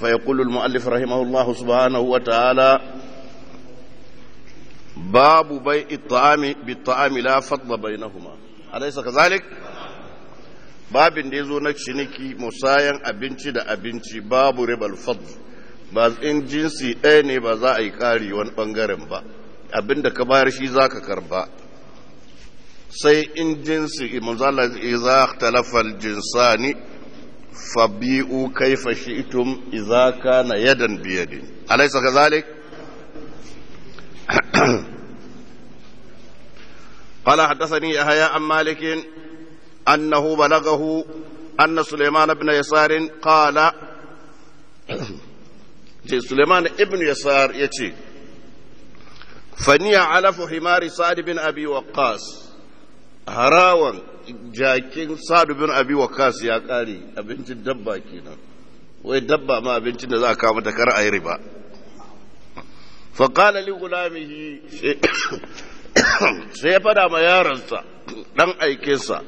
فيقول المؤلف رحمه الله سبحانه وتعالى باب بيع الطعام بالطعام لا فضل بينهما أليس كذلك؟ babin da ya zo na ciniki musayan abinci da abinci babu ribal fadl ba in jinsi ɗaya ne ba za a yi ƙari wani ɓangaren ba abinda ka bayar shi za ka karba sai in jinsi imam zala iza talafal jinsani fabi’u kai fashi itum izaka na yadan biyadin alaisa ka zalik ƙwala haddasani ya haya an malikin annahu balagahu anna suleiman ibn yasarin ƙwala ce suleiman ibn yasar ya ce Fani faniya alafu himari sa'ad bin abi waqqas harawan jakin sadu bin abi kasu ya kare abincin dabba kenan wai dabba ma abincin da za a kawo mata kar a yi riba faƙala li gulamihi sai ya fada ma yaransa ɗan aikinsa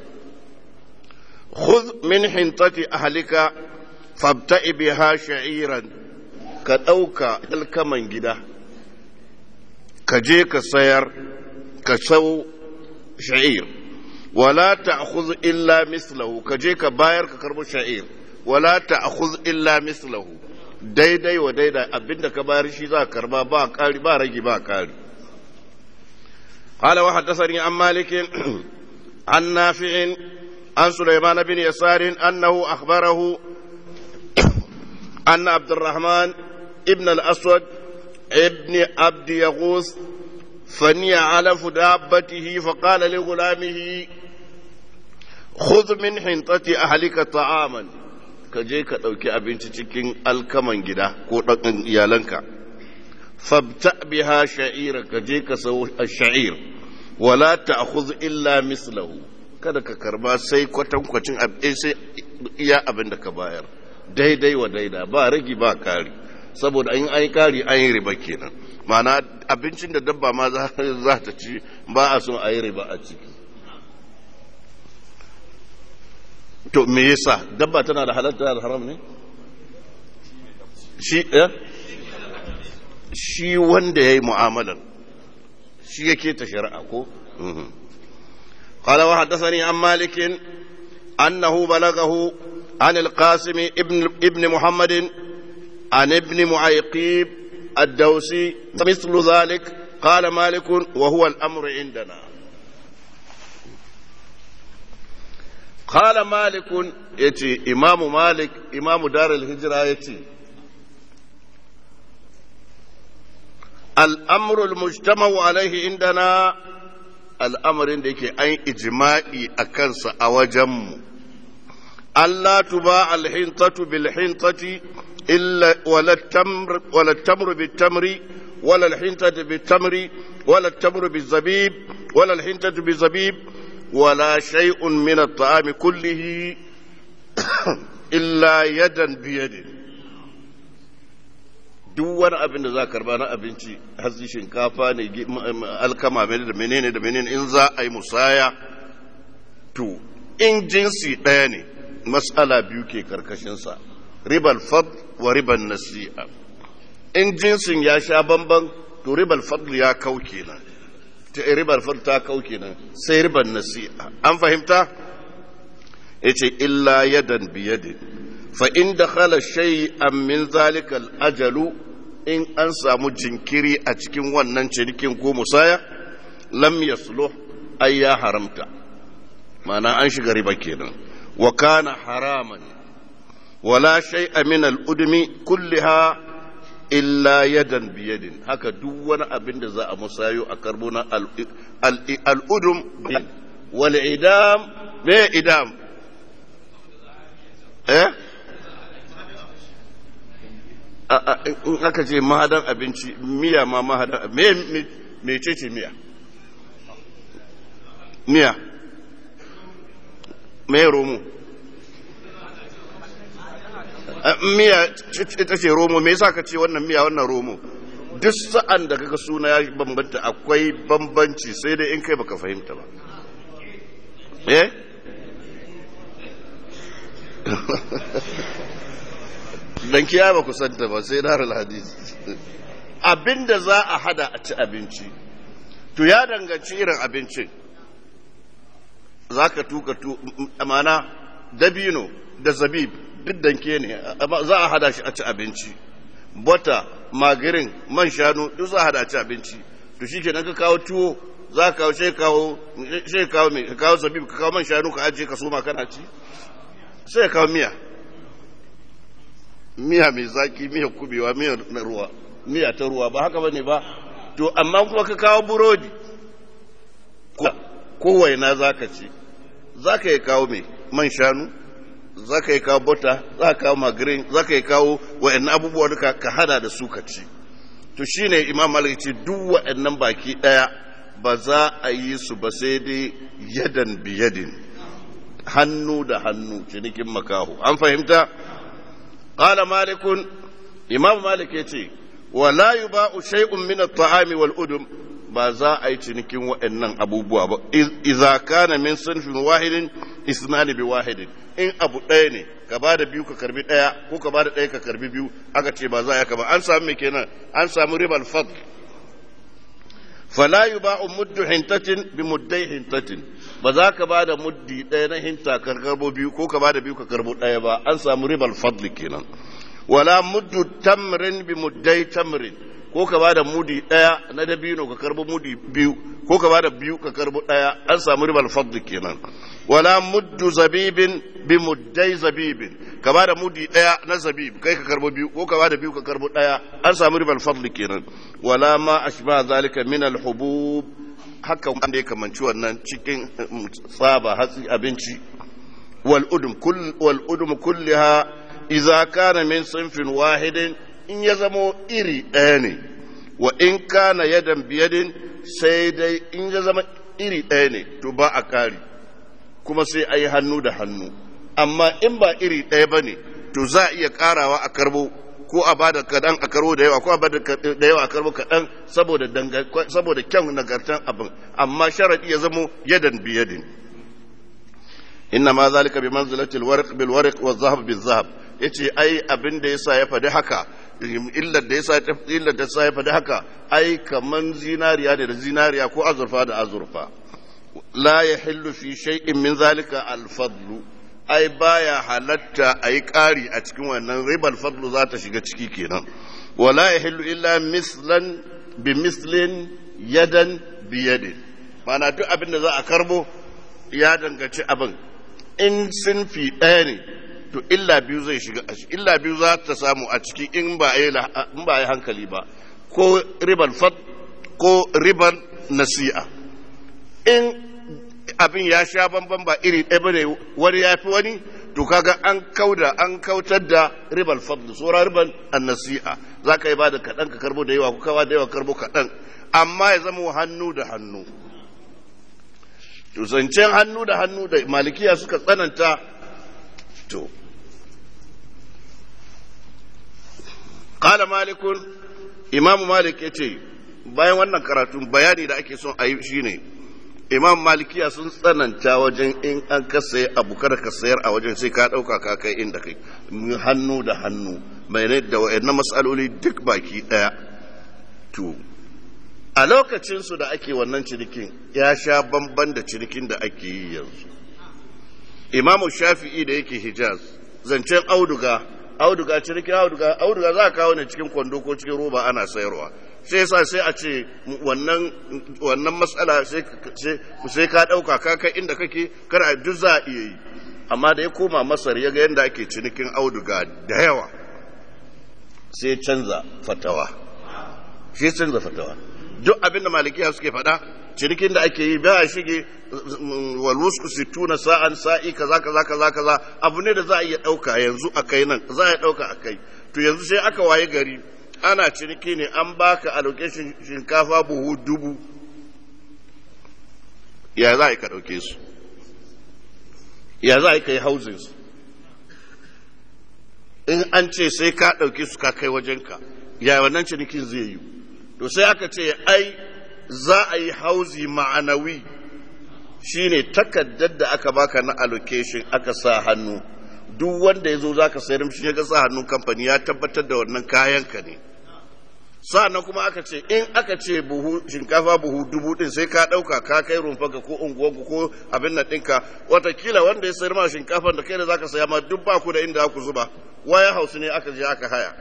khudh min hintati ahlika fabta'i biha sha'iran ka ɗauka alkaman gida ka je ka sayar ka sau sha'ir wala ta'khudh illa mislahu ka je ka bayar ka karba sha'ir wala ta'khudh illa mislahu daidai wa daidai abinda ka bayar shi za ka karba ba kari ba rage ba kari qala wa haddathani an malik an nafi' an sulaiman bin yasar annahu akhbarahu anna abdurrahman ibn al-aswad ibn abd yaghus فني على دابته فقال لغلامه خذ من حنطه اهلك طعاما ka je ka dauki abinci cikin alkaman gida ko dakan iyalanka fabta biha sha'ira kaje ka sau sha'ir wala ta'khudh illa mislahu kada ka karba sai kwacin abin eh, sai iya abin da ka bayar daidai wa daida ba ragi ba kari saboda in an kari an yi riba kenan ma'ana abincin da dabba ma za ta ci ba a so a yi riba a ciki to me yasa dabba tana da halatta da haram ne shi eh shi wanda yayi mu'amalan shi yake ta shari'a ko قال وحدثني عن مالك أنه بلغه عن القاسم ابن, ابن محمد عن ابن معيقيب الدوسي مثل ذلك قال مالك وهو الأمر عندنا qala malikun ya ce, imamu malik imamu darul hijra ce, al'amrul mujtama'u alaihi indana al'amarin da ke an ijima'i a kansa a wajenmu Allah tuba alhintatu bilhintati wala tamru bitamri wala alhintatu bitamri wala tamru bizabib wala alhintatu bizabib ولا شيء من الطعام كله إلا يدا بيد duk wani abin da za karba na abinci hatsi shinkafa ne alkama mai da menene da menene in za a yi musaya to in jinsi ɗaya ne matsala biyu ke karkashinsa ribal fad wa ribal nasi'a in jinsin ya sha bamban to ribal fadl ya kau kenan ribar ta kau kenan sai ribar nasi'a an fahimta yace illa yadan biyadin fa in dakhala shay'an min zalika al-ajalu in an samu jinkiri a cikin wannan cinikin ko musaya lam yasluh ay ya haramta ma'ana an shiga riba kenan wa kana haraman wala shay'a min al-udmi kullaha illa yadan biyadin haka duk wani abin da za a musayo a karbo na al'udum wal idam me idam eh in aka ce mahadan abinci miya ma mahadan me ce ce miya miya me romo Eh, miya ita ce romo me yasa ka ce wannan miya wannan romo duk sa'an da kaga suna ya bambanta akwai bambanci sai dai in kai baka fahimta ba eh dan kiya ba ku santa ba sai na hadisi abinda za a hada a ci abinci to ya danganci irin abincin ka tuka tu amana dabino da zabib diddanke ne za a hada shi a ci abinci bota magirin man shanu duk za a hada a ci abinci to shi ke ka kawo tuwo za ka kawo sai kawo kawo mai ka kawo sabib ka kawo man shanu ka ajiye ka soma kana ci sai kawo miya miya mai zaki miya kubewa miya na ruwa miya ta ruwa ba haka bane ba to amma kuma ka kawo burodi ko waina za ka ci za ka yi kawo mai man shanu za ka yi kawo bota za ka kawo magarin za ka yi kawo wa'yan abubuwa duka ka hada da su ka ci to shi ne imam malik ce duk wa'annan baki ɗaya ba za a yi su ba sai dai yadan biyadin hannu da hannu cinikin makaho an fahimta qala malikun imam malik yace ce la yuba'u shay'un min at-ta'ami wal udum ba za a yi cinikin wa'annan abubuwa ba iza kana min sunfin wahidin isnani bi wahidin in abu ɗaya ne ka ba da biyu ka karbi ɗaya ko ka ba da ɗaya ka karbi biyu aka ce ba za ya ba an samu me kenan an samu ribal fadl fala yuba'u muddu hintatin bi muddai hintatin ba za ka ba da muddi ɗaya na hinta ka karbo biyu ko ka ba da biyu ka karbo ɗaya ba an samu ribal fadl kenan wala muddu tamrin bi muddai tamrin ko ka ba da mudi daya na dabino ka karbo mudi biyu ko ka ba da biyu ka karbo daya an samu ribal fadl kenan wala muddu zabibin bi muddai zabibin ka ba da mudi daya na zabib kai ka karbo biyu ko ka ba da biyu ka karbo daya an samu ribal fadli kenan wala ma ashba zalika min al hubub haka wanda ya kamanci wannan cikin um, tsaba hatsi abinci wal udum kull wal udum kullaha idza kana min sinfin wahidin in ya zamo iri daya ne wa in kana yadan biyadin sai dai in ya zama iri daya ne to ba a kari kuma sai a yi hannu da hannu amma in ba iri ɗaya ba ne to za a iya ƙarawa a karbo ko a ba da kaɗan a karbo da yawa ko a ba da yawa a karbo kaɗan saboda kyan nagartan abin amma sharaɗi ya zamo yadan biyadin inna ma zalika bi manzilatil warq bil warq wa zahab bil zahab yace ai abin da yasa ya faɗi haka illa da yasa illa da yasa ya faɗi haka ai kaman zinariya da zinariya ko azurfa da azurfa la ya hillu fi shay'in min zalika alfadlu ai baya halatta a yi ƙari a cikin wannan ribar fadlu za ta shiga ciki kenan wala ya hillu illa mislan bi mislin yadan bi yadin mana duk abin da za a karbo ya dangaci abin in fi ɗaya ne to illa biyu zai shiga a illa biyu za ta samu a ciki in ba a yi hankali ba ko ribar fat ko ribar nasi'a in abin ya sha bambam ba iri ɗaya bane wani ya fi wani to kaga an kauda an kautar da ribal fadl sura ribal annasi'a za ka yi ba da kaɗan ka karbo da yawa ko kawa da yawa karbo kaɗan amma ya zama hannu da hannu to zancen hannu da hannu da malikiya suka tsananta to kala malikun imamu malik ce bayan wannan karatun bayani da ake son a yi shine imam malikiya sun tsananta wajen in an ka sayi abu kada ka sayar a wajen sai ka ɗauka ka kai inda kai hannu da hannu mai ne da wa'annan matsaloli duk baki daya to a lokacinsu da ake wannan cinikin ya sha bamban da cinikin da ake yi yanzu imamu shafi'i da yake hijaz zancen auduga auduga cinikin auduga auduga za a kawo ne cikin kwando ko cikin roba ana sayarwa sai yasa sai a ce wannan wannan matsala sai ka ɗauka ka kai inda kake kar a duk za a iya yi amma da ya koma masar ya ga yadda ake cinikin auduga da yawa sai canza fatawa sai canza fatawa duk abinda malikiya suke faɗa cinikin da ake yi ba shige mm, walwusku tuna sa'an sa'i kaza kaza kaza kaza abu ne da za a iya ɗauka yanzu a kai nan za a ɗauka a kai to yanzu sai aka waye gari ana ciniki ne an baka allocation shinkafa buhu dubu ya za a yi ka ɗauke su ya za a yi ka yi hauzin su in an ce sai ka ɗauke su ka kai wajenka ya wannan cinikin zai yi to sai aka ce ai za a yi hauzi ma'anawi shine takaddar da aka baka na allocation aka sa hannu duk wanda ya zo za ka sayar mishi ya ga sa hannun kamfani ya tabbatar da wannan kayan ka ne sa'annan kuma aka ce in aka ce buhu shinkafa buhu dubu din sai ka dauka ka kai rumfa ga ko unguwanku ko abin nan dinka watakila wanda ya sayar ma shinkafan da kai da zaka saya ma duk ba ku da inda ku zuba waya hausu ne aka je aka haya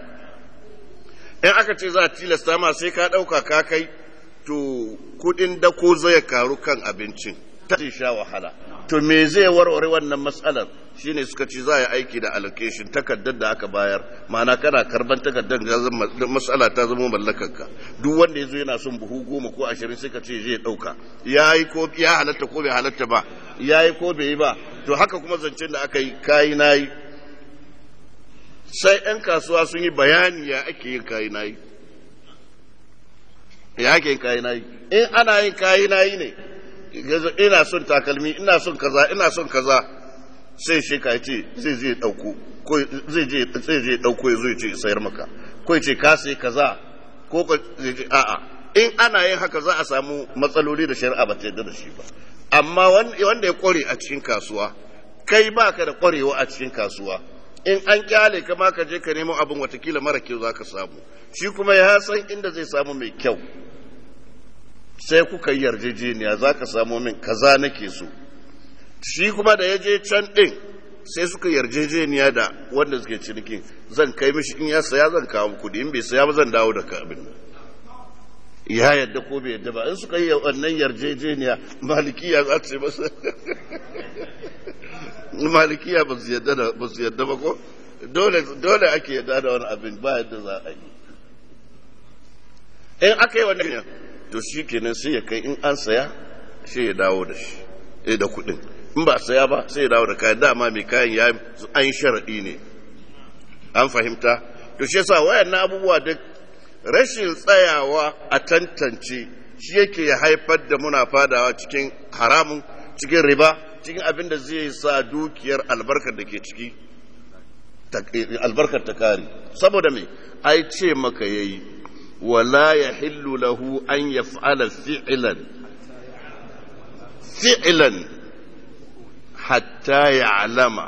in aka ce za a tilasta ma sai ka dauka ka kai to kudin da ko zai karu kan abincin ta sha wahala to me zai warware wannan matsalar shine suka ci za a yi aiki da allocation takardar da aka bayar ma'ana kana karban takardar da matsala ta zama mallakanka duk wanda ya zo yana son buhu goma ko ashirin suka ce zai ɗauka ya yi ko ya halatta ko bai halatta ba ya yi ko bai yi ba to haka kuma zancen da aka yi kayi na yi sai 'yan kasuwa sun yi bayani ya ake yin kayi na yi ya ake yin kayi na yi in ana yin kayi na yi ne ina son takalmi ina son kaza ina son kaza sai shi ka ce zai je dauko zai je zai dauko ya zo ya ce sayar maka ko ya ce ka sai kaza ko a'a in ana yin haka za a samu matsaloli da shari'a ba ta yarda da shi ba amma wanda ya kware a cikin kasuwa kai baka da kwarewa a cikin kasuwa in an kyale ka ma ka je ka nemo abin watakila mara kyau za ka samu shi kuma ya san inda zai samu mai kyau sai kuka yi yarjejeniya za ka samu min kaza nake so shi kuma da ya je can ɗin sai suka yarjejeniya da wanda suke ciniki zan kai mishi in ya saya zan kawo kuɗi in bai saya ba zan dawo da abin ya yadda ko bai yadda ba in suka yi wannan yarjejeniya malikiya za ce masa malikiya ba su yadda ba ko dole ake yadda da wani abin ba yadda za a yi in aka yi wannan to shi kenan sai ya kai in an saya sai ya dawo da shi eh, da kuɗin in ba saya ba sai dawo da kayan dama mai kayan ya an sharaɗi ne an fahimta to shi yasa wayannan abubuwa da rashin tsayawa a tantance shi yake ya haifar da muna fadawa cikin haramun cikin riba cikin abin da zai sa dukiyar albarkar da ke ciki albarkar ta kare saboda me ai ce maka yayi wala yahillu lahu an yaf'ala fi'lan fi'lan hatta ya alama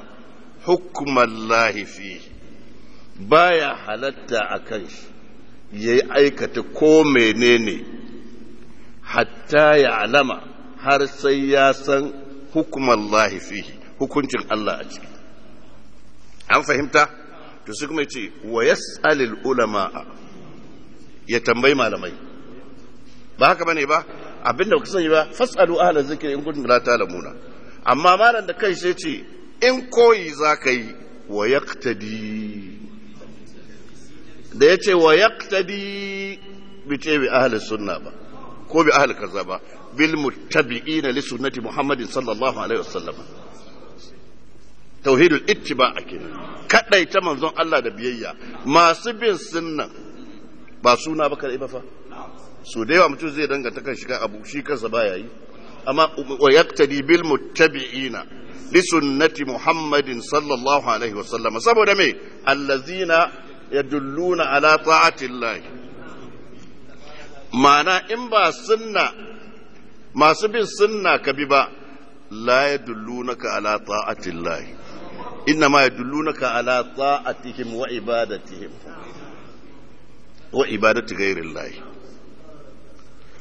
hukumallahi ba baya halatta a kan shi ya yi aikata ko menene hatta ya alama har sai ya san hukumallahi fi hukuncin Allah a ciki an fahimta to su kuma ce wa yas'alil ulama ya tambayi malamai ba haka bane ba abinda kuka sani ba fasalu ahla zikri in kuntum la ta'lamuna amma malam da kai sai ce in koyi za ka yi wa yaktadi da ya ce wa yaktadi bi ce bi ahli sunna ba ko bi ahli kaza ba bil muttabi'ina li sunnati muhammadin sallallahu alaihi wasallam tauhidul ittiba kenan kadai ta manzon Allah da biyayya masu bin sunnan ba suna ba kai ba fa su da yawa mutum zai danganta kan shiga abu shi kansa baya yi amma wa yaktadi bil muttabi'ina li sunnati muhammadin sallallahu alaihi wa sallama. saboda me allazina yadulluna ala ta'atillahi ma'ana in ba sunna masu bin sunna ka bi ba la yadullunaka ala ta'atillahi إنما يدلونك على طاعتهم Wa وعبادة غير الله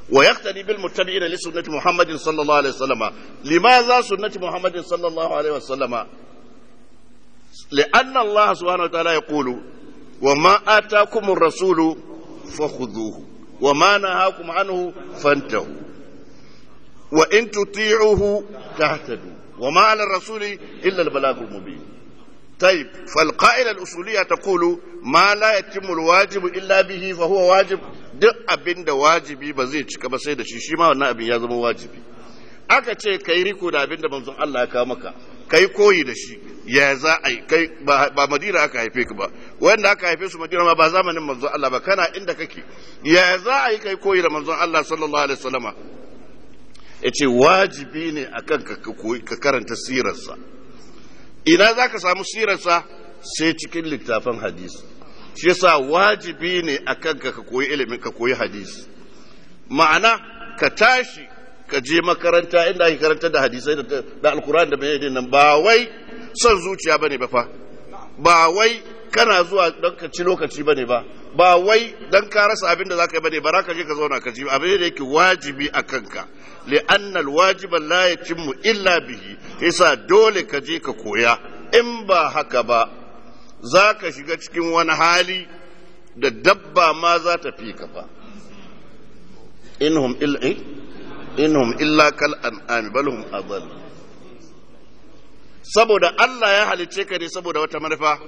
ويقتدي بالمتبعين لسنة محمد صلى الله عليه وسلم لماذا سنة محمد صلى الله عليه وسلم لأن الله سبحانه وتعالى يقول وما آتاكم الرسول فخذوه وما نهاكم عنه فانتهوا وإن تطيعوه تهتدوا وما على الرسول إلا البلاغ المبين طيب فالقائلة الأصولية تقول ما لا يتم الواجب إلا به فهو واجب duk abin da wajibi ba zai cika ba sai da shi shi ma wannan abin ya zama wajibi aka ce kai riko da abin da manzon Allah ya kawo maka kai koyi da shi ya za a yi kai ba madina aka haife ka ba wanda aka haife su madina ma ba zamanin manzon Allah ba kana inda kake ya za a yi kai koyi da manzon Allah sallallahu alaihi wasallama yace wajibi ne akan ka koyi ka karanta sirarsa ina zaka samu sirarsa sai cikin littafin hadisi shi yasa wajibi ne a kanka ka koyi ilimin ka koyi hadisi ma'ana ka tashi ka je makaranta inda ake karantar da hadisai da alkur'an da mai nan ba wai son zuciya bane ba fa ba wai kana zuwa don ka ci lokaci bane ba ba wai don ka rasa abin da zaka yi bane ba ka je ka zauna ka ji abin da yake wajibi a kanka li'anna alwajiba la yatimmu illa bihi yasa dole ka je ka koya in ba haka ba za ka shiga cikin wani hali da dabba ma za ta fi ka ba inhum eh? illa kal an'am bal hum adall saboda Allah ya halice ka ne saboda wata manufa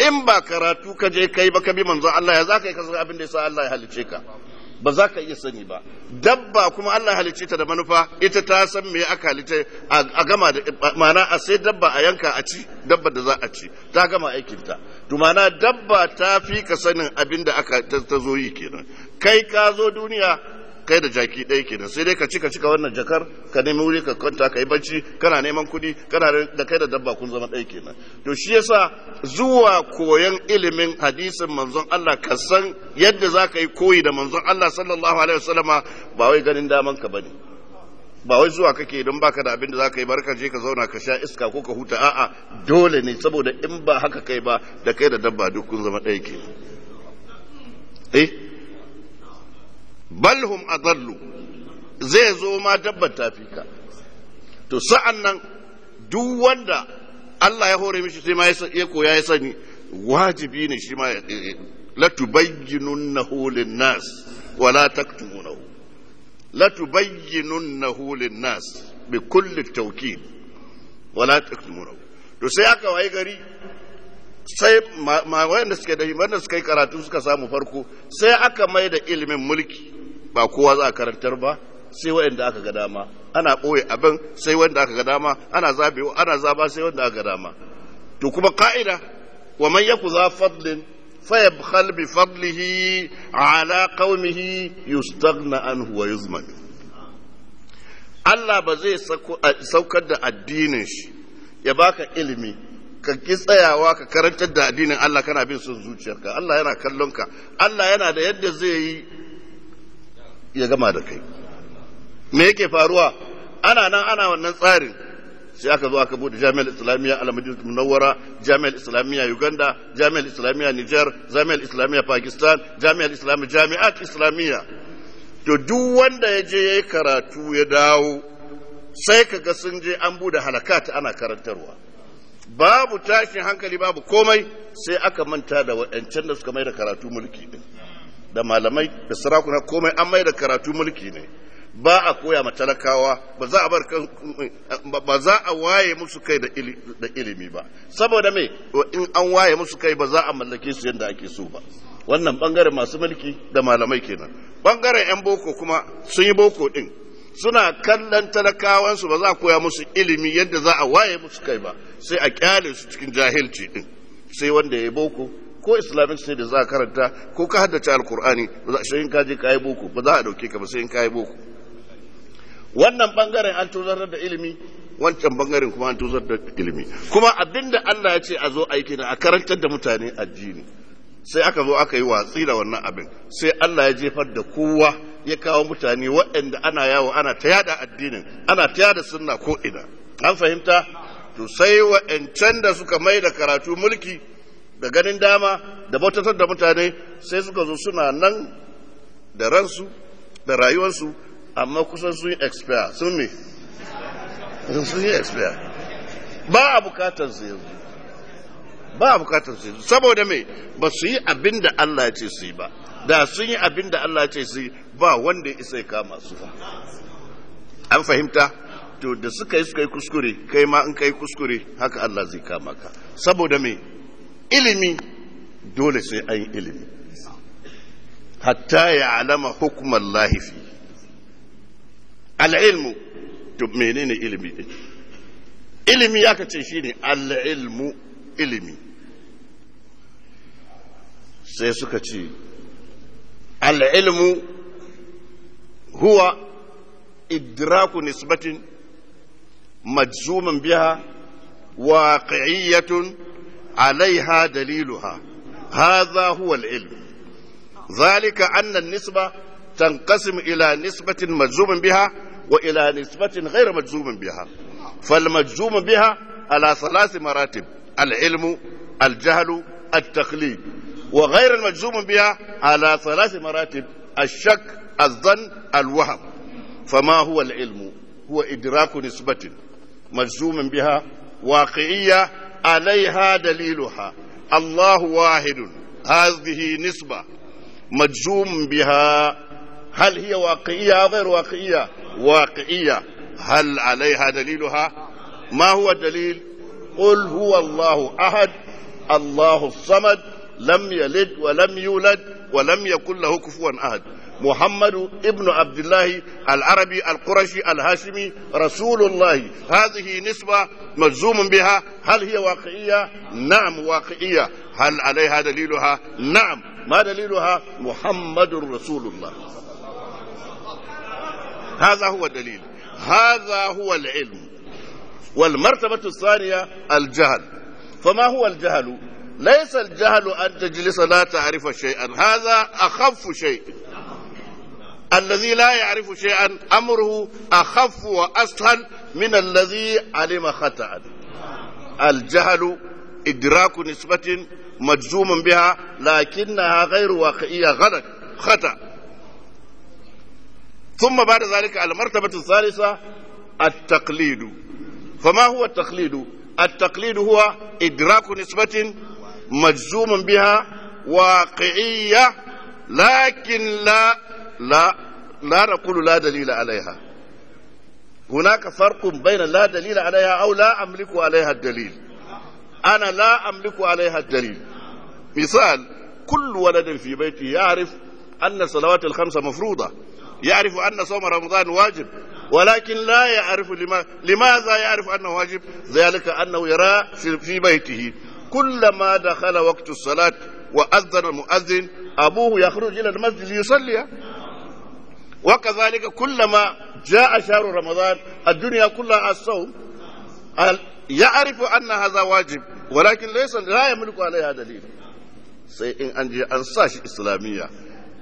in ba karatu ka je kai ba ka bi manzo Allah ya zaka yi kasar abin da ya sa Allah ya halice ka ba za ka iya sani ba dabba kuma Allah halicce ta da manufa ita ta san me aka halitta a gama da mana a sai dabba a yanka a ci dabba da za a ci ta gama aikin ta to mana dabba ta fi ka sanin abin da aka ta zo yi kenan kai ka zo duniya kai da jaki ɗaya kenan sai dai ka cika cika wannan jakar ka nemi wuri ka kwanta ka yi bacci kana neman kuɗi kana da kai da dabba kun zama ɗaya kenan to shi yasa zuwa koyon ilimin hadisin manzon Allah ka san yadda za ka yi koyi da manzon Allah sallallahu alaihi wasallama ba wai ganin daman ka bane ba wai zuwa kake don baka da abin da za ka yi barka je ka zauna ka sha iska ko ka huta a'a dole ne saboda in ba haka kai ba da kai da dabba duk kun zama ɗaya kenan eh balhum adallu zai zo ma dabbar tafi ka to sa'an nan duk wanda Allah ya hore mishi sai ma ya koya ya sani wajibi ne shi ma eh, eh, la tubayyinunnahu lin-nas wa la taktumunahu la tubayyinunnahu lin-nas bi kulli tawkid wa la taktumunahu to sai aka waye gari sai ma wayanda suke da himmar suka yi karatu suka samu farko sai aka mai da ilimin mulki ba kowa za a karantar ba sai wanda aka ga dama ana ɓoye abin sai wanda aka ga dama ana zabe ana zaba sai wanda aka ga dama to kuma ka'ida wa man yaku za fadlin yabkhal bi fadlihi ala qaumihi yustaghna anhu wa yuzman Allah ba zai saukar da addinin shi ya baka ilimi ka ki tsayawa ka karantar da addinin Allah kana bin son zuciyarka Allah yana kallon ka Allah yana da yadda zai yi ya gama da kai me yake faruwa ana nan ana wannan tsarin sai aka zo aka bude jami'ar islamiyya al-madinatu munawwara jami'ar islamiyya uganda jami'ar islamiyya niger jami'ar islamiyya pakistan jami'ar islamiyya jami'at islamiyya to duk wanda ya je yayi karatu ya dawo sai kaga sun je an bude halakat ana karantarwa babu tashin hankali babu komai sai aka manta da waɗancan da suka mai da karatu mulki din da malamai da sarakuna komai an mai da karatu mulki ne ba a koya ma talakawa ba za a bar ba za a waye musu kai da ilimi ba saboda me in an waye musu kai ba za a mallake su yadda ake so ba wannan bangare masu mulki da malamai kenan bangaren yan boko kuma sun yi boko din suna kallon talakawansu ba za a koya musu ilimi yadda za a waye musu kai ba sai a kyale su cikin jahilci din sai wanda ya boko ko islamic da za a karanta ko ka haddace alkur'ani ba za a shirin kaji yi boko ba za a dauke ka ba sai in yi boko wannan bangaren an tozar da ilimi wancan bangaren kuma an tozar da ilimi kuma abinda Allah ya ce a zo aiki na a karantar da mutane addini sai aka zo aka yi watsi da wannan abin sai Allah ya jefar da kowa ya kawo mutane waɗanda ana yawo ana ta yada addinin ana ta yada sunna ko ina an fahimta to sai waɗancan da suka mai da karatu mulki da ganin dama da bautatar da mutane sai suka zo suna nan da ransu da rayuwarsu amma kusan sun yi expire sun me sun yi expire ba a bukatar su yanzu ba a bukatar su yanzu saboda me ba su yi abin da Allah ya ce su yi ba da sun yi abin da Allah ya ce su yi ba wanda ya isa ya kama su ba. an fahimta to da suka yi suka yi kuskure kai ma in kai kuskure haka Allah zai kama ka saboda me ilimi dole sai an yi ilimi hatta ya alama hukumar lahifi al'ilmu to menene ilimi ɗin ilimi ya kace shi ne al'ilmu ilimi sai suka ce al'ilmu huwa idraku nisbatin majzuman biya waƙi'iyyatun alaiha daliluha hadha huwa al-ilm zalika anna an-nisba tanqasimu ila nisbatin majzumin biha wa ila nisbatin ghayr majzumin biha فالمجزوم بها على ثلاث مراتب العلم الجهل التقليد وغير المجزوم بها على ثلاث مراتب الشك الظن الوهم فما هو العلم هو إدراك نسبة مجزوم بها واقعية عليها دليلها الله واحد هذه نسبة مجزوم بها هل هي واقعية أو غير واقعية واقعية هل عليها دليلها ما هو الدليل قل هو الله أحد الله الصمد لم يلد ولم يولد ولم يكن له كفوا أحد محمد ابن عبد الله العربي القرشي الهاشمي رسول الله هذه نسبة مجزوم بها هل هي واقعية؟ نعم واقعية هل عليها دليلها؟ نعم ما دليلها؟ محمد رسول الله هذا هو الدليل هذا هو العلم والمرتبة الثانية الجهل فما هو الجهل؟ ليس الجهل أن تجلس لا تعرف شيئا هذا أخف شيء الذي لا يعرف شيئا أمره أخف وأسهل من الذي علم خطأ الجهل إدراك نسبة مجزوم بها لكنها غير واقعية غلط خطأ ثم بعد ذلك المرتبة الثالثة التقليد فما هو التقليد التقليد هو إدراك نسبة مجزوم بها واقعية لكن لا لا لا نقول لا دليل عليها هناك فرق بين لا دليل عليها أو لا أملك عليها الدليل أنا لا أملك عليها الدليل مثال كل ولد في بيته يعرف أن الصلوات الخمسة مفروضة يعرف أن صوم رمضان واجب ولكن لا يعرف لما لماذا يعرف أنه واجب ذلك أنه يرى في بيته كلما دخل وقت الصلاة وأذن المؤذن أبوه يخرج إلى المسجد ليصلي ja وكذلك كلما جاء شهر رمضان الدنيا كلها الصوم يعرف أن هذا واجب ولكن ليس لا يملك عليها دليل sai in an je an sa shi islamiyya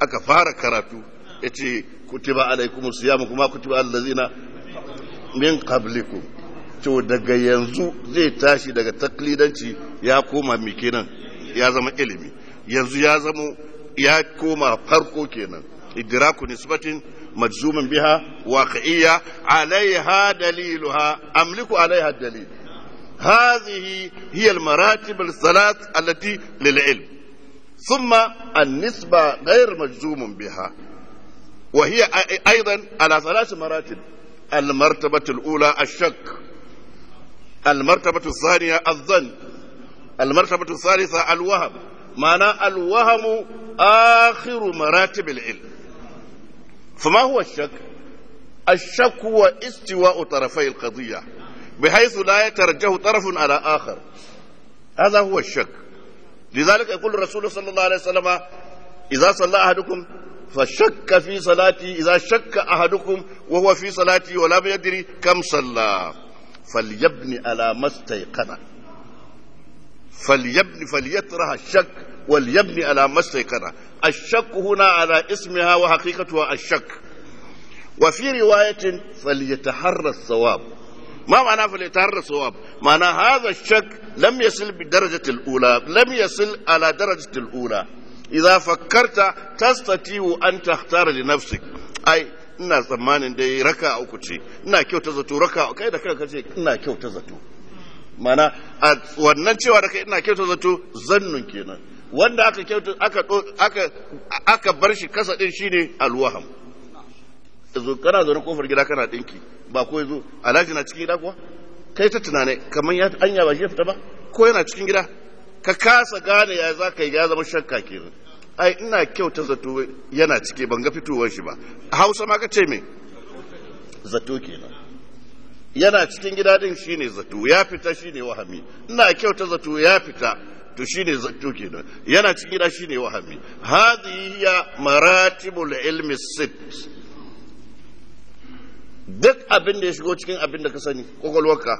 aka fara karatu ya ce kutiba alaikum siyamu kuma kutiba allazina min qablikum to daga yanzu zai tashi daga taklidanci ya koma mi kenan ya zama ilimi yanzu ya zama ya koma farko kenan إدراك نسبة مجزوم بها واقعية عليها دليلها أملك عليها الدليل هذه هي المراتب الثلاث التي للعلم ثم النسبة غير مجزوم بها وهي أيضا على ثلاث مراتب المرتبة الأولى الشك المرتبة الثانية الظن المرتبة الثالثة الوهم معنى الوهم آخر مراتب العلم فما هو الشك الشك هو استواء طرفي القضية بحيث لا يترجه طرف على آخر هذا هو الشك لذلك يقول الرسول صلى الله عليه وسلم إذا صلى أحدكم فشك في صلاته إذا شك أحدكم وهو في صلاته ولم يدري كم صلى فليبني على ما استيقن فليبني فليطرح الشك وليبني على ما استيقن الشك هنا على اسمها وحقيقتها الشك وفي رواية فليتحرى الصواب ما معنى فليتحرى الصواب معنى هذا الشك لم يصل بدرجة الأولى لم يصل على درجة الأولى إذا فكرت تستطيع أن تختار لنفسك أي ina tsammanin dai raka uku ce ina kyauta zato raka kai da kanka ce ina kyauta zato mana a wannan cewa da kai ina kyauta zato zannun kenan wanda aka kyautu aka bar shi kasa din shine alwaham zo kana zo kofar gida kana dinki ba ko zo alhaji na cikin gida kuwa kai ta tunane kamar ya anya ba shi fita ba ko yana cikin gida ka kasa gane ya za ka yi ya zama shakka kenan ai ina kyauta zato yana cike ban ga fitowar shi ba hausa ma ka ce me zato kenan yana cikin gida din shine zato ya fita shine wahami ina kyauta zato ya fita to shine zato nan yana cikin da shine wahami hadhihi ya maratibul ilmi sit duk abin da ya shigo cikin abin da ka sani kwakwalwarka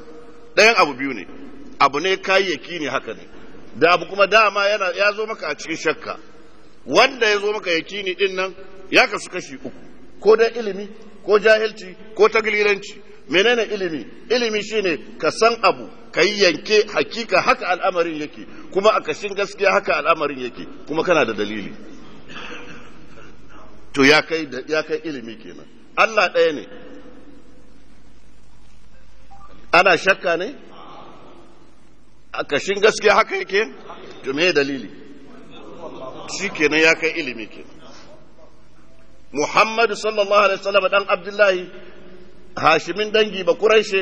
ɗayan abu biyu ne abu ne kayayyaki ne haka ne da abu kuma dama yana ya zo maka a cikin shakka wanda ya zo maka yakini din nan ya kasu kashi uku ko da ilimi ko jahilci ko taglilanci menene ilimi ilimi shine ka san abu kai yanke hakika haka al'amarin yake kuma a kashin gaskiya haka al'amarin yake kuma kana da dalili to ya kai ya kai ilimi kenan Allah ɗaya ne ana shakka ne a kashin gaskiya haka yake to me dalili shi kenan ya kai ilimi kenan Muhammadu sallallahu alaihi wasallam dan Abdullahi hashimin dangi ba kuraishe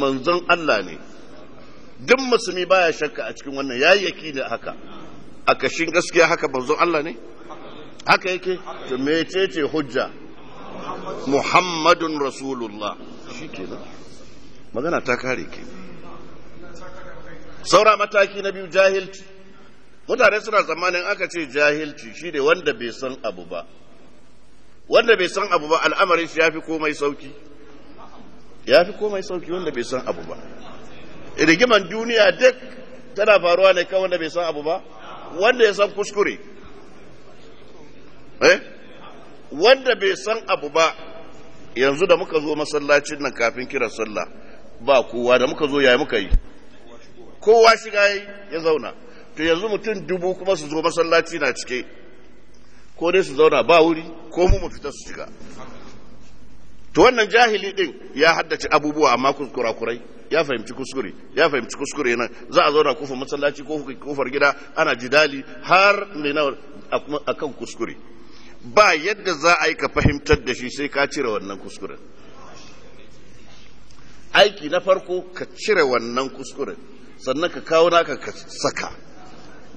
manzon Allah ne duk musulmi baya shakka a cikin wannan yayi yaki da haka a kashin gaskiya haka banzon Allah ne haka yake to mecece hujja muhammadun rasulullah nan. magana ta kare ke saura mataki na biyu jahilci mutane suna zamanin aka ce jahilci shi ne wanda bai san abu ba wanda bai san abu ba al'amarin shi ya fi komai sauki ya fi komai sauki wanda bai san abu ba rigiman duniya duk tana faruwa ne kawai da bai san abu ba wanda ya san kuskure eh wanda bai san abu ba yanzu da muka zo masallacin nan kafin kiran sallah ba kowa da muka zo yayi muka yi kowa shiga ya zauna to yanzu mutum dubu kuma su zo masallaci na cike ko dai su zauna ba wuri ko mu mu fita su shiga to wannan jahili din ya haddace abubuwa amma kuskura kurai ya fahimci kuskure ya fahimci kuskure nan za a zauna kofar masallaci ko kofar gida ana jidali har mai na kan kuskure ba yadda za a yi ka fahimtar da shi sai ka cire wannan kuskuren aiki na farko ka cire wannan kuskure sannan ka kawo naka ka saka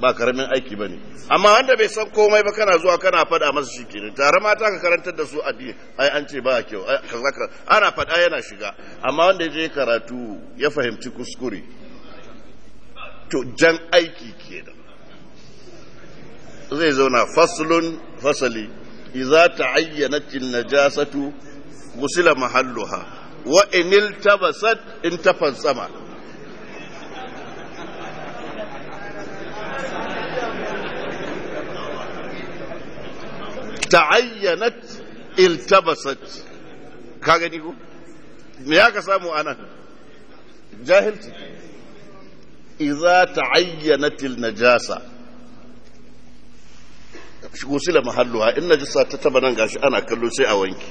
ba karamin aiki ba ne amma wanda bai san komai ba kana zuwa kana faɗa masa shi kenan tare mata ka karantar da su addini ai an ce ba kyau ana faɗa yana shiga amma wanda ya je karatu ya fahimci kuskure to jan aiki kenan zai zauna faslun fasali idza ayyana an-najasatu gusila mahalluha wa inil tabasat in sama. ta'ayyanat iltabasat ka gani ko samu anan jahilci idza ta'ayyanat najasa gusila mahalluha in najasa ta taba nan gashi ana kallo sai a wanki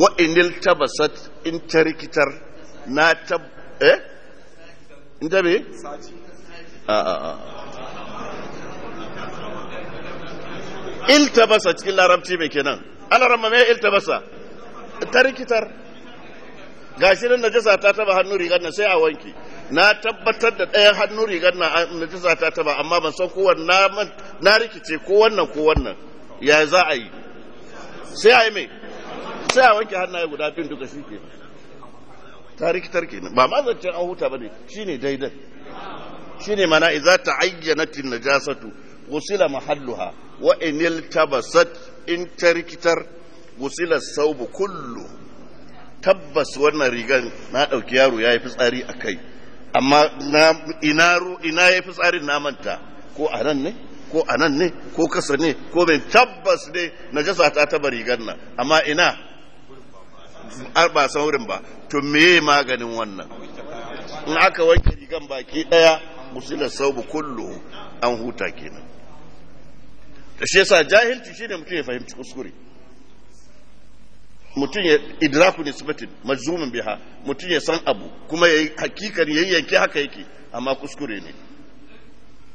wa in iltabasat in tarikitar na tab eh in tabe a a a iltabasa cikin larabci mai kenan alarama mai iltabasa ta rikitar gashi nan najasa ta taba hannu rigar na sai a wanki na tabbatar da ɗayan hannu rigar na najasa ta taba amma ban san ko na rikice ko wannan ko wannan ya za a yi sai a yi mai sai a wanke hannaye guda bin duka shi ke ta rikitar ke. ba ma zancen an huta bane ne daidai ne mana ayyana tin najasatu gusila mahalluha wa inil tabasat in ta rikitar saubu kullu tabbas wannan rigan na ɗauki yaro ya yi fitsari a kai amma ina ina ya fitsarin na manta ko a nan ne ko a nan ne ko kasa ne ko mai tabbas ne na jasa ta taba rigan nan amma ina ba san ba to me maganin wannan in aka wanke rigan baki daya musila saubu kullu an huta kenan shi yasa jahilci shine mutum ya fahimci kuskure mutum ya idraku nisbatin majzumin biha mutum ya san abu kuma yayi hakikan yayyanke haka yake amma kuskure ne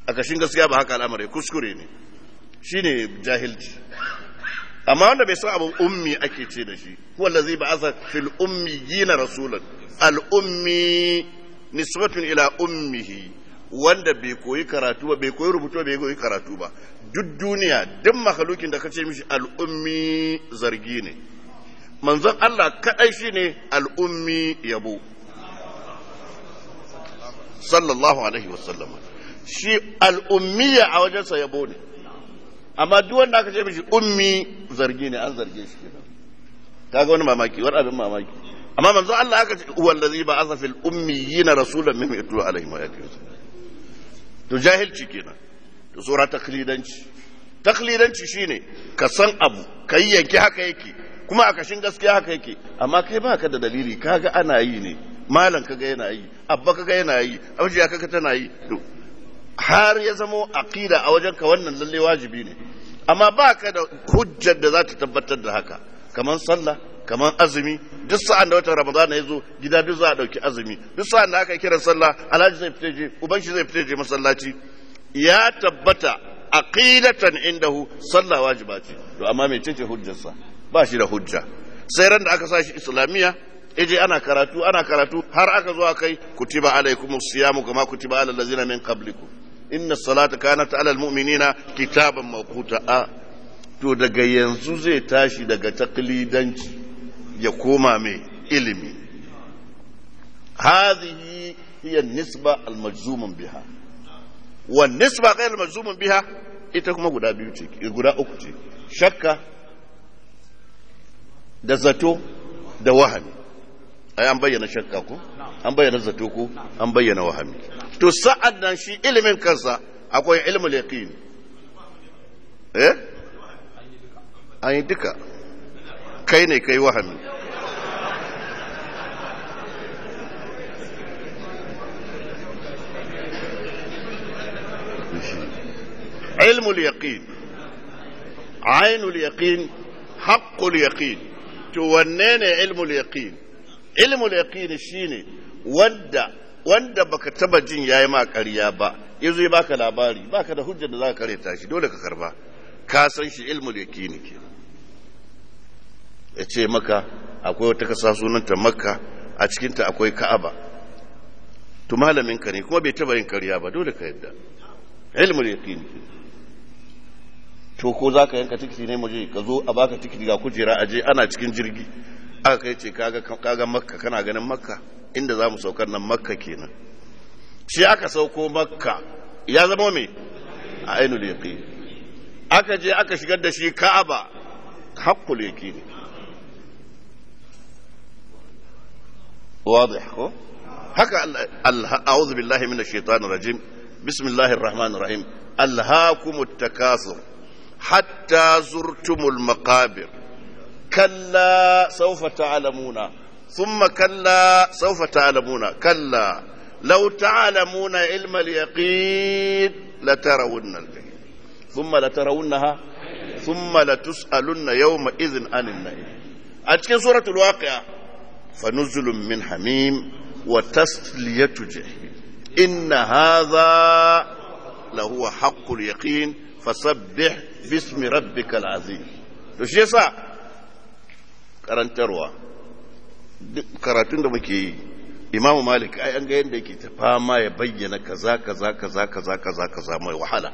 a kashin gaskiya ba haka al'amari kuskure ne shine jahilci amma wanda bai san abin ummi ake ce da shi huwa allazi ba'atha fil ummi na rasulan al ummi nisbatun ila ummihi wanda bai koyi karatu ba bai koyi rubutu ba bai koyi karatu ba duk duniya duk makalukin da kace mishi al'ummi zargi ne manzon Allah kadai shine al'ummi yabo sallallahu alaihi wa sallam shi al'ummiya a wajen sa yabo ne amma duk wanda aka ce mishi ummi zargi ne an zarge shi kenan kaga wani mamaki wani abin mamaki amma manzo Allah aka ce wallazi ba asa fil ummiyina rasulan mimma yatlu alaihim wa yakunzu to jahilci kenan to tsora taklidanci taklidanci shine ka san abu ka yi yanke haka yake kuma a kashin gaskiya haka yake amma kai ba ka da dalili kaga ana yi ne malam kaga yana yi abba kaga yana yi abuja kaga tana yi har ya zamo aqida a wajen ka wannan lalle wajibi ne amma ba ka da hujjar da za ta tabbatar da haka kamar sallah kamar azumi duk sa'an da watan ramadan ya zo gida duk za a dauki azumi duk sa'an da aka kiran sallah alhaji zai fita je uban shi zai fita je masallaci ya tabbata aqidatan indahu sallah wajiba ce to amma me hujjar hujjarsa ba shi da hujja sai ran da aka sa shi islamiyya eje ana karatu ana karatu har aka zo kai kutiba alaikumus siyamu kama kutiba alal ladzina min qablikum inna salata kanat alal mu'minina kitaban mawquta to daga yanzu zai tashi daga taklidanci ya koma mai ilimi hadhihi hiya nisba almajzumun biha wa nisba ghayr almajzumun biha ita kuma guda biyu ce guda uku ce shakka da zato da wahami ai an bayyana shakka ko an bayyana zato ko an bayyana wahami to sa'ad nan shi ilimin kansa akwai ilmul yaqin eh an yi duka kai ne kai wahami علم اليقين عين اليقين حق To تونين علم اليقين علم اليقين شيني وندا wanda baka taba jin yayi ma ƙarya ba yazo ya baka labari baka da hujjar da zaka kare ta shi dole ka karba ka san shi ilmul yaqini ke ya ce maka akwai wata kasa sunanta makka a cikinta akwai ka'aba to malamin ka ne kuma bai taba yin kariya ba dole ka yadda ilmul yaqin to ko za ka yanka tikiti ne muje ka zo a baka tikiti ga kujera aje ana cikin jirgi aka kai ce kaga kaga makka kana ganin makka inda za mu saukar nan makka kenan shi aka sauko makka ya zama me ainul yaqin aka je aka shigar da shi ka'aba haqqul yaqin واضح هو هكا أعوذ بالله من الشيطان الرجيم بسم الله الرحمن الرحيم ألهاكم التكاثر حتى زرتم المقابر كلا سوف تعلمون ثم كلا سوف تعلمون كلا لو تعلمون علم اليقين لترون الجحيم ثم لترونها ثم لتسألن يومئذ عن النعيم أتكن سورة الواقعة فنزل من حميم وتسلية جهيم إن هذا لهو حق اليقين فسبح باسم ربك العظيم to shi yasa karantarwa karatun da muke yi imamu malik ai an ga yadda yake ta fama ya bayyana kaza kaza kaza kaza kaza kaza mai wahala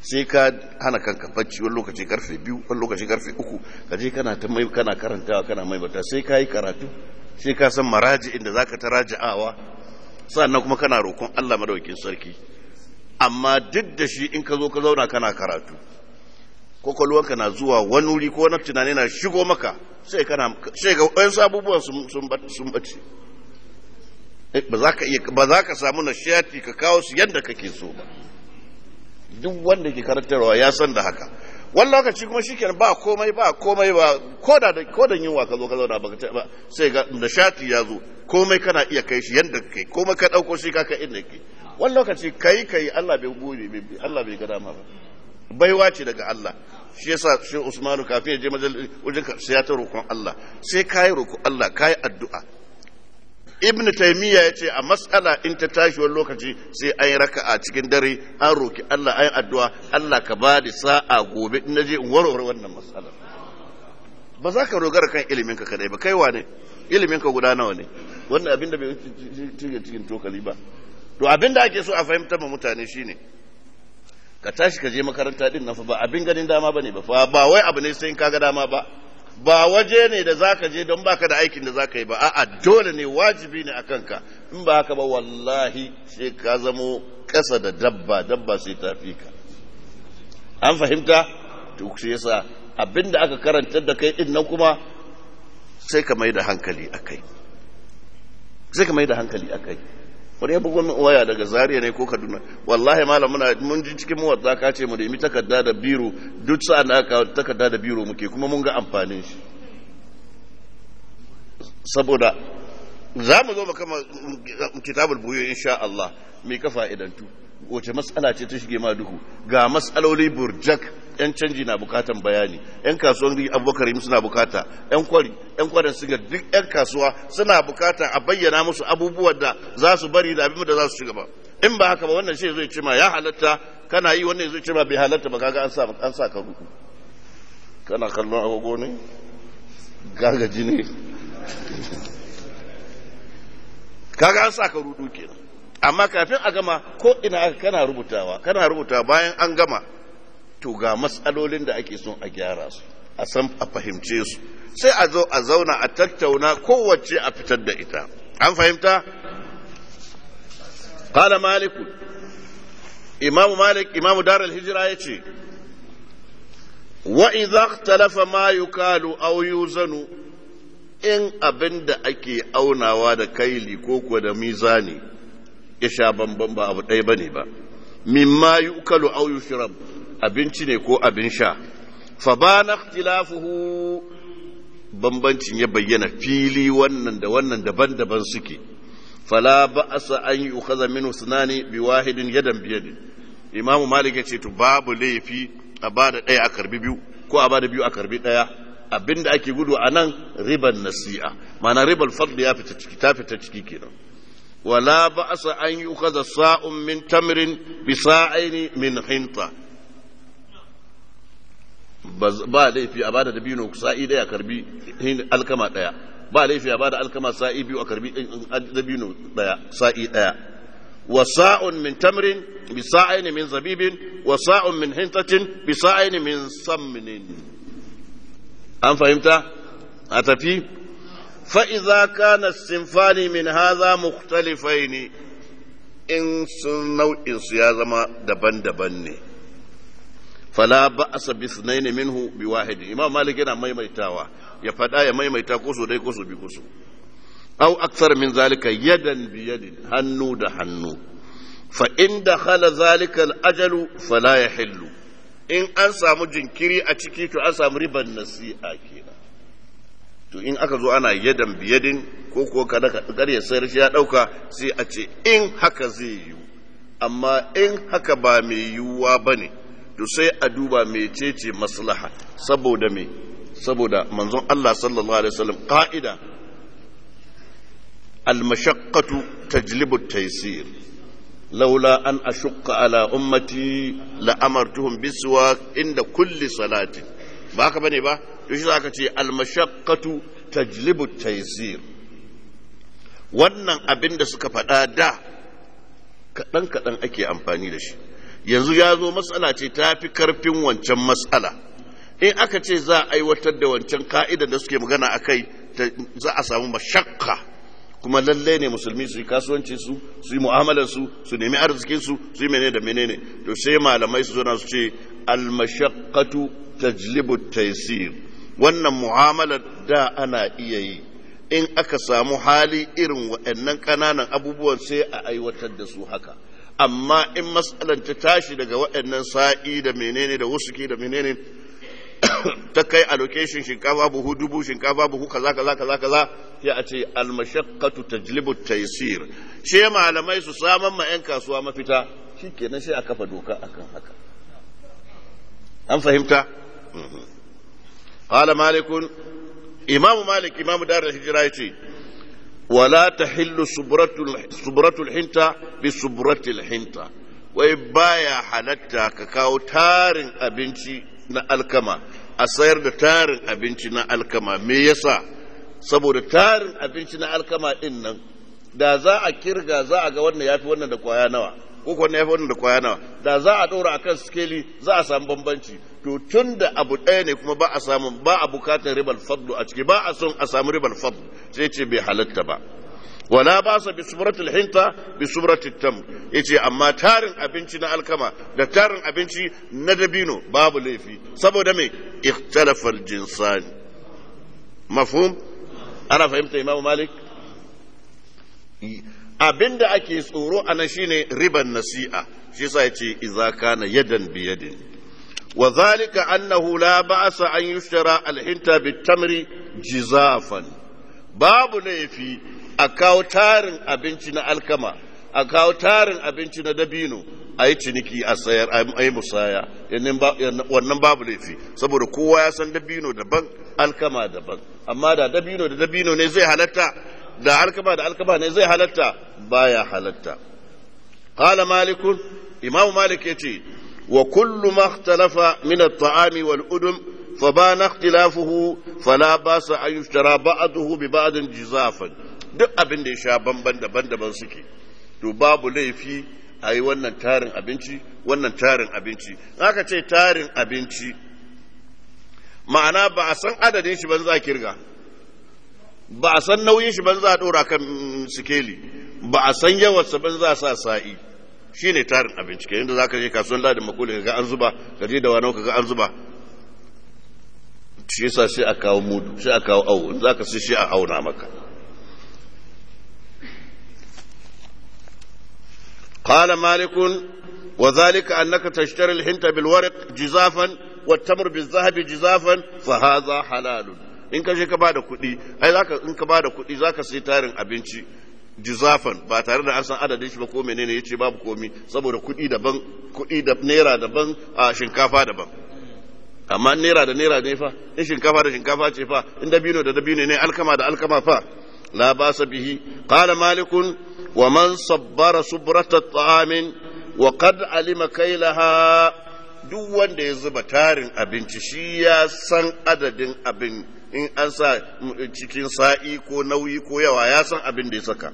sai ka hana kanka bacci wani lokaci karfe biyu wani lokaci karfe uku ka je kana ta mai kana karantawa kana mai bata sai ka yi karatu sai ka san maraji inda za ka ta raja'awa sannan kuma kana roƙon Allah madaukakin sarki amma duk da shi in ka zo ka zauna kana karatu kwakwalwanka na zuwa wani wuri ko wani tunani na shigo maka sai kana sai ga sun bace eh, ba za ka samu na ka kawo su yadda kake so ba duk wanda ke karantarwa ya san da haka wani lokaci kuma shi ba komai ba komai ba ko da yunwa ka zo ka zauna baka ba sai ga da shati ya zo komai kana iya kai shi yadda kai komai ka ɗauko shi ka kai inda ke wani lokaci kai kai Allah bai bai Allah bai gada ma ba baiwa ce daga Allah shi yasa shi Usmanu kafin ya je majalisa wajen sai ta roƙon Allah sai kai roƙon Allah kai addu'a ibn ya yace a mas'ala in ta tashi wani lokaci sai an yi raka'a cikin dare an roki Allah ayi addu'a Allah ka ba da sa'a gobe in naje in warware wannan mas'ala ba za ka rogara kan ilimin ka kadai ba kai wane ilimin ka guda nawa ne wannan abin da bai cike cikin tokali ba to abin da ake so a fahimta ma mutane shine ka tashi ka je makaranta din na fa ba abin ganin dama bane ba fa ba wai abu ne sai in kaga dama ba ba waje ne da zaka je don baka da aikin da zaka yi ba a'a dole ne wajibi ne a ka in ba haka ba wallahi sai ka zamo kasa da dabba dabba sai ta fi ka an fahimta to shi yasa abinda aka karanta da kai din nan kuma sai ka mai da hankali akai sai ka mai da hankali akai wani ya bugun waya daga zariya ne ko kaduna wallahi malam muna mun ji cikin muwatta ka ce mu nemi takarda da biro duk sa'an da aka takarda da biro muke kuma mun ga amfanin shi saboda za mu zo makama kitabul buyo insha Allah mai kafa idantu wace matsala ce ta shige ma duhu ga matsaloli burjak yan canji na bukatan bayani yan kasuwan abubakar suna bukata yan kwari yan kwarin siga duk yan kasuwa suna bukata a bayyana musu abubuwan da za su bari da abin da za su ci gaba in ba haka ba wannan shi zai ci ma ya halatta kana yi wannan zai ci ma bai halatta ba kaga an sa an sa ka ruku kana kallon agogo ne gagaji ne kaga an sa ka rudu kenan amma kafin a gama ko ina kana rubutawa kana rubutawa bayan an gama to ga matsalolin da ake son a gyara su a san a fahimce su sai a zo a zauna a tattauna kowace a fitar da ita an fahimta Kala malik imamu malik imamu darul hijra yace wa idza ikhtalafa ma yukalu aw yuzanu in abin da ake aunawa da kaili ko kuwa da mizani ya sha bambam ba abu ɗaya bane ba mimma yukalu aw yushrab abinci ne ko abin sha fa ba na ikhtilafuhu bambancin ya bayyana fili wannan da wannan daban-daban suke fala ba'asa an yi ukaza minhu sunani bi wahidin yadan biyadin imamu malik ya ce to babu laifi a ba da ɗaya a karbi biyu ko a ba da biyu a karbi ɗaya abinda ake gudu a nan riban nasi'a mana ribar fadl ya fita ciki ta fita ciki kenan wala ba'asa an yi ukaza sa'un min tamrin bi sa'aini min hinta ba laifi a bada dabino sa'i daya karbi alkama daya ba laifi a bada alkama sa'i biyu a karbi dabino daya sa'i daya wa sa'un min tamrin bi sa'ain min zabibin wa sa'un min hintatin bi sa'ain min samnin an fahimta a tafi fa idza kana sinfani min hadha mukhtalifaini in sun nau'in su ya zama daban-daban ne fala ba ba'asa bi sunaini minhu bi wahidi imam malik yana maimaitawa ya fada ya maimaita ko so dai ko so bi ko so aw akthar min zalika yadan bi yadin hannu da hannu fa in dakhala zalika al ajalu fala ya yahillu in an samu jinkiri a ciki to an samu riban nasi'a kenan to in aka zo ana yadan biyadin ko ko kada ka ya sayar shi ya dauka sai a ce in haka zai yi amma in haka ba mai yiwuwa bane ne to sai a duba mecece maslaha saboda me saboda manzon Allah sallallahu alaihi wasallam ka'ida al-mashaqqatu tajlibu at-taysir laula an ashqa ala ummati la amartuhum biswak inda kulli salati ba haka bane ba to shi zaka ce al-mashaqqatu tajlibu at-taysir wannan abin da suka faɗa da kaɗan-kaɗan ake amfani da shi yanzu ya zo matsala ce ta fi karfin wancan matsala in aka ce za a aiwatar da wancan ka'ida da suke magana a kai za a samu mashakka kuma lallai ne musulmi su yi kasuwanci su su yi mu'amalar su su nemi arzikin su yi menene da menene to sai malamai su zona su ce almashaqqatu tajlibu taysir wannan mu'amalar da ana iya yi in aka samu hali irin waɗannan ƙananan abubuwan sai a aiwatar da su haka amma in matsalar ta tashi daga waɗannan sa'i da menene da wasu ke da menene ta kai allocation shinkafa buhu dubu shinkafa buhu kaza kaza kaza kaza ya a ce almashaqqatu tajlibu taisir. she malamai su saman ma yan kasuwa mafita Shi shikenan sai a kafa doka akan haka an fahimta mhm. qala malikun imamu malik imamu dar hijira ce wala ta hillu subratul hinta bi subratul hinta wai baya halatta ka kawo tarin abinci na alkama a sayar da tarin abinci na alkama me yasa saboda tarin abinci na alkama din nan da za a kirga za a ga wannan yafi wannan da kwaya nawa ko kuwa ya da kwaya nawa da za a ɗora akan skeli za a samu bambanci to tun da abu ɗaya ne kuma ba a samu ba a bukatar ribar fadlu a ciki ba a son a samu ribar fadlu sai ce bai halatta ba wala ba sa bi sumratul hinta bi sumratul tam yace amma tarin abinci na alkama da tarin abinci na dabino babu laifi saboda me ikhtalafa al jinsan mafhum ana fahimta imamu malik abinda ake tsoro a nan shine riban nasi'a shi yasa yace idza kana yadan bi yadin wa zalika annahu la ba'sa an yushtara al-hinta bit-tamri jizafan babu laifi a kawo tarin abinci na alkama a kawo tarin abinci na dabino a ciniki a sayar a musaya wannan babu laifi saboda kowa ya san dabino daban alkama daban amma da dabino da dabino ne zai halatta da alkaba da alkaba ne zai halatta baya halatta qala malikun imam malik yace wa kullu ma ikhtalafa min at-ta'ami wal udum فبان اختلافه فلا باس ان ba'dahu bi ba'din jizafan duk abin da ya sha banban daban-daban suke to babu laifi a yi wannan tarin abinci wannan tarin abinci aka ce tarin abinci ma'ana ba a san adadin shi ban za kirga ba a san nauyin shi ban za a ɗora kan sikeli ba a san sa ban za a sa sa'i shi ne tarin abinci ke yadda za ka je kasuwan ladin makoli ga an zuba ka je da wani ga an zuba shi yasa sai a kawo mudu sai a kawo awo za ka sai shi a auna maka قال مالك وذلك أنك تشتري الحنت بالورق جزافا والتمر بالذهب جزافا فهذا حلال in ka je ka bada kuɗi ai zaka in ka bada kuɗi zaka sai tarin abinci jizafan ba tare da an san adadin shi ba ko menene yace babu komi saboda kuɗi daban kuɗi da naira daban a shinkafa daban amma naira da naira ne fa in shinkafa da shinkafa ce fa in dabino da dabino ne alkama da alkama fa la basa bihi qala malikun wa man sabbara subrata ta'amin wa qad alima kailaha duk wanda ya zuba tarin abinci shi ya san adadin abin in an sa cikin sa'i ko nauyi ko yawa ya san abin da ya saka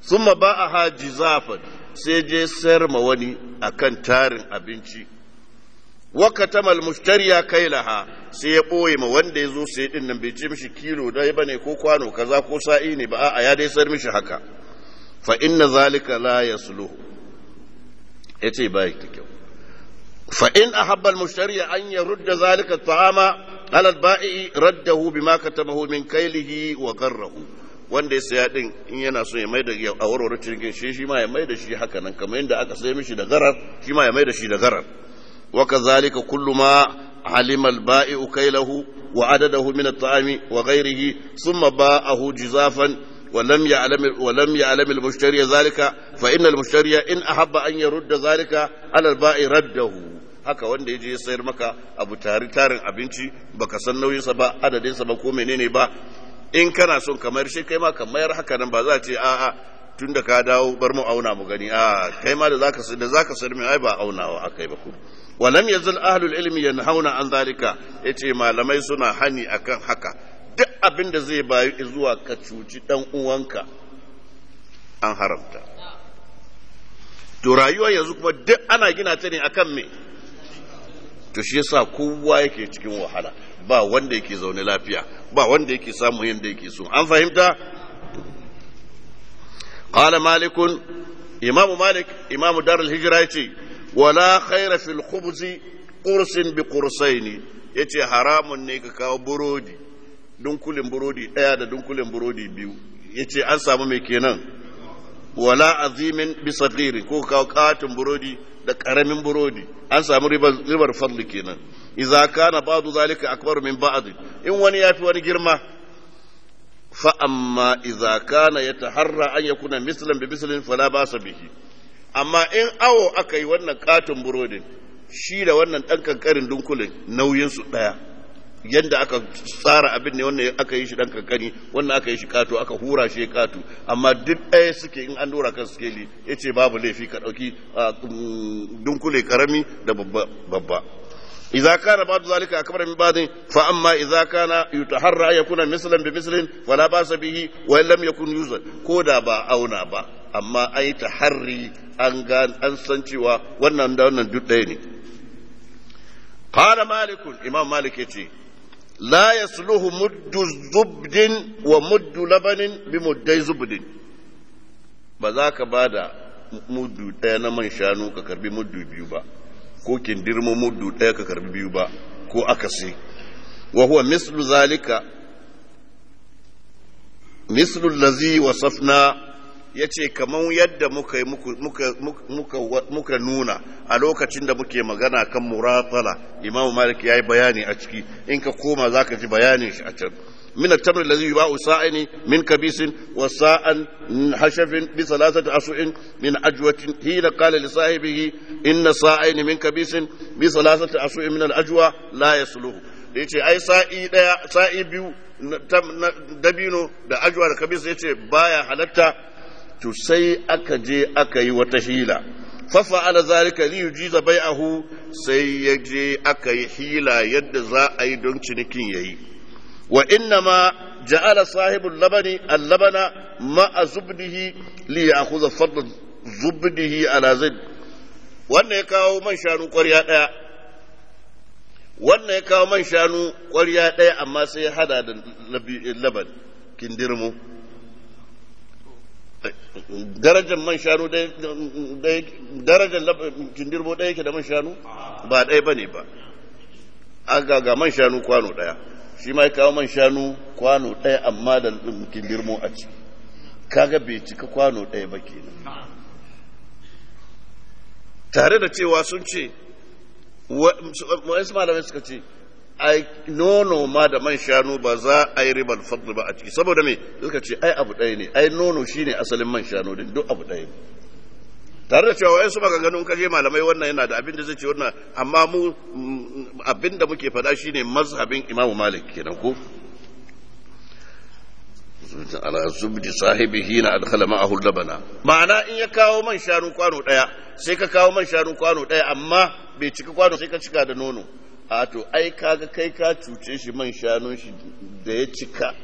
summa ba a haji zafin sai je sayar ma wani akan tarin abinci wakatamal ya kai laha sai ya ɓoye ma wanda ya zo sai ɗin nan bai ce mishi kilo dai ba ne ko kwano kaza ko sa'i ne ba a ya dai sayar mishi haka fa inna zalika la ya yasluhu ya ce da kyau fa in a al mushtari an rudda zalika ta'ama على البائع رده بما كتبه من كيله وغره wanda ya saya din in yana so ya maida da a warware cikin shi shi ma ya maida shi haka nan kamar yadda aka sai mishi da garar shi ma ya maida shi da garar wa kazalika kullu ma alima al-ba'i'u kaylahu wa adadahu min at-ta'ami wa ghayrihi thumma ba'ahu jizafan ولم يعلم ولم يعلم المشتري ذلك فإن المشتري إن أحب أن يرد ذلك على البائع رده haka wanda ya je ya sayar maka abu tari tarin abinci baka san nauyinsa ba adadinsa ba ko menene ba in kana son kamar shi kai ma kamar haka nan ba za ce a'a ka dawo bar mu auna mu gani a kai ma da zaka da zaka sayar mai ai ba aunawa akai ba ku lam yazal ahlul ilmi yanhauna an zalika yace malamai suna hani akan haka duk abin da zai bayu zuwa ka cuci dan uwanka an haramta to rayuwa yanzu kuma duk ana gina ta ne akan me to shi yasa kowa yake cikin wahala ba wanda yake zaune lafiya ba wanda yake samu yanda yake so an fahimta qala malikun imamu malik Dar al hijra yace wala khaira fil khubz qursin bi qursayn yace haramun ne ka kawo burodi dunkulin burodi daya da dunkulin burodi biyu yace an samu mai kenan wala azimin bi saghirin ko ka kawo katin burodi da karamin burodi an samu ribar fadli kenan idza kana ba'du zalika akbar min ba'd in wani yafi wani girma fa amma idza kana yataharra an yakuna mislan bi mislin fala ba'sa bihi amma in awo aka yi wannan katon burodin shi da wannan ɗan kankarin dunkulin nauyinsu ɗaya yadda aka tsara abin ne wannan aka yi shi dan kankani wannan aka yi shi kato aka hura shi kato amma duk ɗaya suke in an dora kan suke li ya ce babu laifi ka ɗauki ah, um, dunkule karami da babba idza kana ba'd zalika akbar min ba'd fa amma idza kana yutaharra yakun mislan bi mislin wa la ba'sa bihi wa lam yakun yuzal ko da ba auna ba amma ai taharri an ga an san cewa wannan da wannan duk ɗaya ne قال مالك imam malik yace la yasluhu muddu zubdin wa muddu labanin bi zubdin ba za ka ba da mudu ɗaya na man shanu ka karbi muddu biyu ba ko kindirmo mudu ɗaya ka karbi biyu ba ko akasi wa huwa mislu zalika mislu lazi wa safna. ya ce kamar yadda muka, muka, muka, nuna a lokacin da muke magana kan muratala imamu malik ya yi bayani a ciki in ka koma za ka ji bayani shi a can min tamri lazi yuba sa'ani min kabisin wa sa'an hashafin bi salasati asu'in min ajwatin hina qala li sahibihi inna sa'ani min kabisin bi salasati asu'in min al ajwa la yasluhu yace ai sa'i daya sa'i biyu dabino da ajwa da kabis yace baya halatta to sai aka je aka yi wata hila fafa ala zalika li yujiza bai'ahu sai ya je aka yi hila yadda za a yi don cinikin yayi wa inna ma ja'ala sahibul labani al-labana a zubdihi li ya'khudha fadl zubdihi ala zid wannan ya kawo man shanu ƙwarya ɗaya wannan ya kawo man shanu ƙwarya ɗaya amma sai ya hada da laban kindirmo darajar man shanu darajar jindirbo ɗaya yake da man shanu ba ɗaya ba ne ba aga ga man shanu kwano ɗaya shi ma ya kawo man shanu kwano ɗaya amma da jindirmo a ciki kaga bai cika kwano ɗaya ba kenan tare da cewa sun ce wasu malamai suka ce Ai nono ma da man shanu ba za a yi ribar fadli ba a ciki saboda me suka ce ai abu ɗaya ne ai nono shine asalin man shanu din duk abu ɗaya ne tare da cewa wayansu baka ganin kaje malamai wannan yana da abin da zai ce wannan amma mu mm, abin da muke faɗa shine mazhabin Imam Malik kenan ko ala zubdi sahibihi na adkhala ma'ahu labana ma'ana in ya kawo man shanu kwano ɗaya sai ka kawo man shanu kwano ɗaya amma bai cika kwano sai ka cika da nono a to ai kaga kai ka cuce shi man shanun shi da ya cika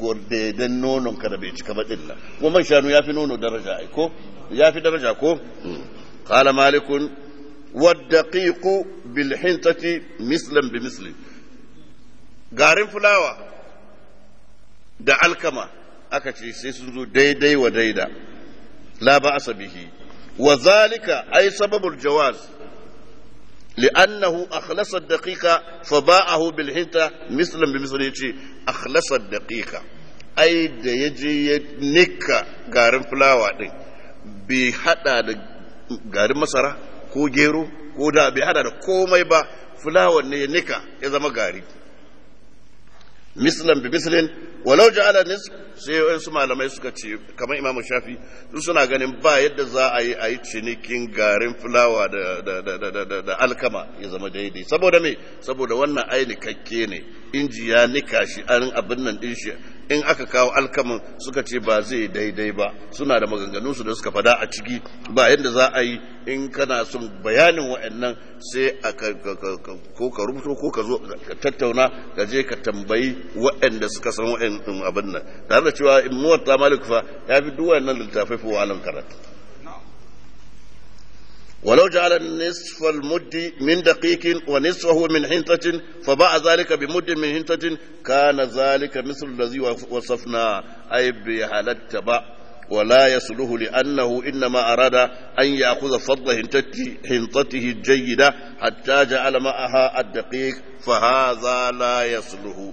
gordeden nonon ka da bai cika baɗin nan kuma man shanu ya fi nono daraja ai ko ya fi daraja ko hmm. qala malikun والدقيق بالحنطة bi بمثل garin fulawa da alkama aka ce sai sun zo daidai wa daida la ba asabihi wa zalika ai sababul jawaz لأنه أخلص الدقيقة فباعه بالحنطة مثلا بمثل يجي أخلص الدقيقة أي da ya je ya nika garin fulawa ɗin bai haɗa da garin masara ko gero ko da bai haɗa da komai ba fulawar ne ya nika ya zama gari mislan bi mislin walau ja'ala nisf sai wasu malamai suka ce kamar imamu shafi su suna ganin ba yadda za a yi a yi cinikin garin fulawa da alkama ya zama daidai saboda me saboda wannan ai ne injiya ya nika shi an abin nan din shi in aka kawo alkaman suka ce ba zai daidai ba suna da su da suka fada a ciki ba yadda za a yi in kana son bayanin wa'annan sai a ko ka rubuto ko ka zo ka tattauna ka je ka tambayi wa'anda suka san wa'annan abin nan tare da cewa in muwatta malik fa ya fi duk wa'annan littafai fa wa karatu ولو جعل نصف المد من دقيق ونصفه من حنطة فباع ذلك بمد من حنطة كان ذلك مثل الذي وصفنا أي بحالة التبع ولا يصله لأنه إنما أراد أن يأخذ فضل حنطته الجيدة حتى جعل معها الدقيق فهذا لا يصله